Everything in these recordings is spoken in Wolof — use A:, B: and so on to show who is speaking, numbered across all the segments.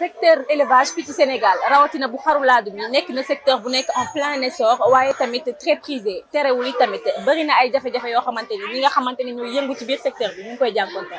A: secteur élevage petit ci Sénégal rawatina bu xaru laadum mi nek na secteur bu nek en plein essor waye tamit très prisé terewul yi tamit bari na ay jafé jafé yo xamanteni ni ñi nga xamanteni ñoy yëngu ci biir secteur bi ñu ngi koy jànkoonte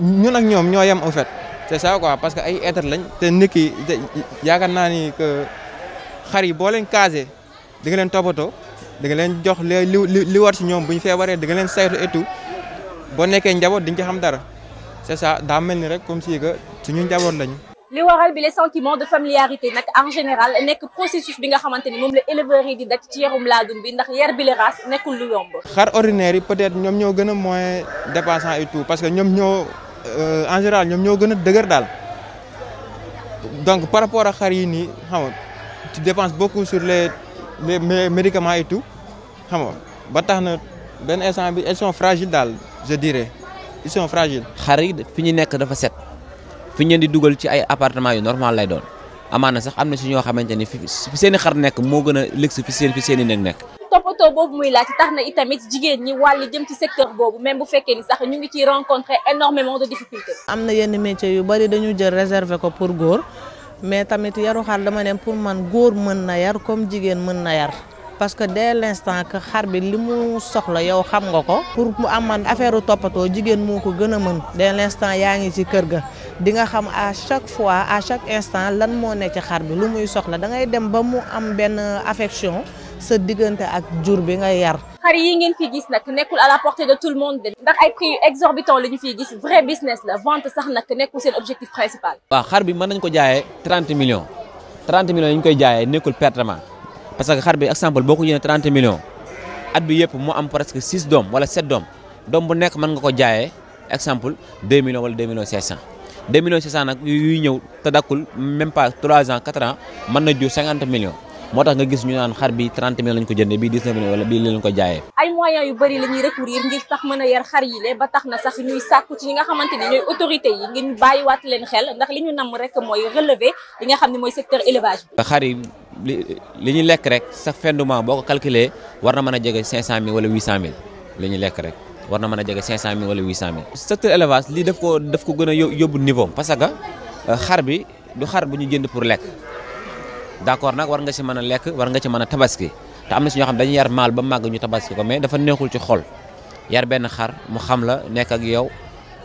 B: ñun ak ñoom ñoo yem en fait c'est ça quoi parce que ay être lañ te nit ki yaakaar naa ni que xar yi boo leen casé di leen toppatoo di leen jox li li li war si ñoom bu ñu feebaree di nga leen saytu et boo nekkee njaboot di nga xam dara c'est ça daa mel ni rek comme si que ñu njaboot lañu.
A: li waral bi les sentiments de familiarité nag en général nekk processus bi nga xamante ni moom la éleveurs di daj ci yarum laadum bi ndax yar bi la race nekkul lu yomb.
B: xar ordinaire yi peut-être ñoom ñoo gën a moins dépensant et tout parce que ñoom ñoo. Euh, en général ñoom ñoo gën a donc par rapport à xar xam nga tu dépenses beaucoup sur les les médicaments et tout xam nga ba tax na instant bi elles sont fragiles Dal, je dirais ils sont fragiles. xar fini nek dafa set fi ñu di duggal ci ay appartement yu normal
C: lay doon Amana sax amna na si ñoo fi seen xar nek mo gëna a fi seen fi seen
A: topoto bobu muy lati taxna na itamit jigen ñi walu jëm ci secteur bobu même bu fekkee ni sax ñu ngi ci rencontrer énormément de difficultés.
C: amna yenn métier yu bari dañu jël réserver ko pour góor mais tamit yaru xal dama ne pour man góor mën na yar comme jigen mën na yar. parce que dès l'instant que xar bi limu soxla yow xam nga ko pour mu aman affaire toppatoo jigéen moo ko a mën dès l'instant yaa ngi ci kër ga di nga xam à chaque fois à chaque instant
A: lan mo ne ci xar bi lu muy soxla da ngay dem ba mu am ben affection ce digënté ak jur bi nga yar xari yi ngeen fi gis nak à la portée de tout le monde ndax ay prix exorbitant C'est fi vrai business la vente sax nak objectif principal
C: wa xar bi mën nañ ko 30 millions 30 millions yi ngi koy jaayé parce que xar bi exemple boko jëne 30 millions at bi yépp mu am presque 6 dom wala 7 dom dom bu nekk mën nga ko jaayé exemple 2 millions wala 2 millions 2 millions 600 nak yu dakul même pas 3 ans 4 ans man na ju 50 millions moo tax nga gis ñu naan xar bi 30 mille lañ ko jëndee bii 19 mille wala bii li lañ ko jaayee
A: ay moyens yu bëri la recourir ngir tax mën a yar xar yi le ba tax na sax ñuy sàkku ci ñi nga xamante ni ñooy autorité yi ñu namm rek mooy relever li nga xam ne mooy secteur élevage
C: xar yi li ñu lekk rek sax fin du mois boo ko calculé war na mën a jege 500 mille wala 800 mille li ñu lekk rek war na mën a jege 500 mille wala 800 mille secteur élevage lii daf ko daf ko gën a yóbbu niveau parce que euh, xar bi du xar bu ñu jënd pour lekk d'accord nag war nga ci mën a lekk war nga ci mën a tabaski te am na ci ñoo xam dañuy yar maal ba màgg ñu tabaski ko mais dafa neexul ci xol yar benn xar mu xam la nekk ak yow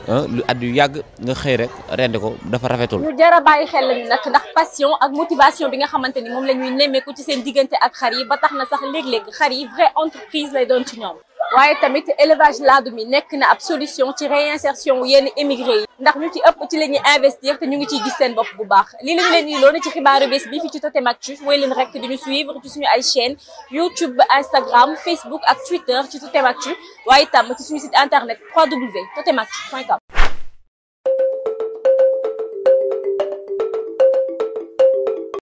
C: lu at yu yàgg nga xëy rek rendi ko dafa rafetul. lu
A: jar a bàyyi xel la nag ndax passion ak motivation bi nga xamante ni moom la ñuy nemmeeku ci seen diggante ak xar yi ba tax na sax léeg-léeg xar yi vraie entreprise lay doon ci ñoom. waaye tamit élevage la yi nekk na ab solution ci réinsertion wu yenn émigré yi ndax ñu ci ëpp ci la ñuy investir te ñu ngi ciy gis seen bopp bu baax lii la ñu leen ni loona ci xibaaru bés bi fi ci Totem Actu mooy leen rek di ñu suivre ci suñu ay chaîne YouTube Instagram Facebook ak Twitter ci Totem Actu waaye itam ci suñu site internet www.totemactu.com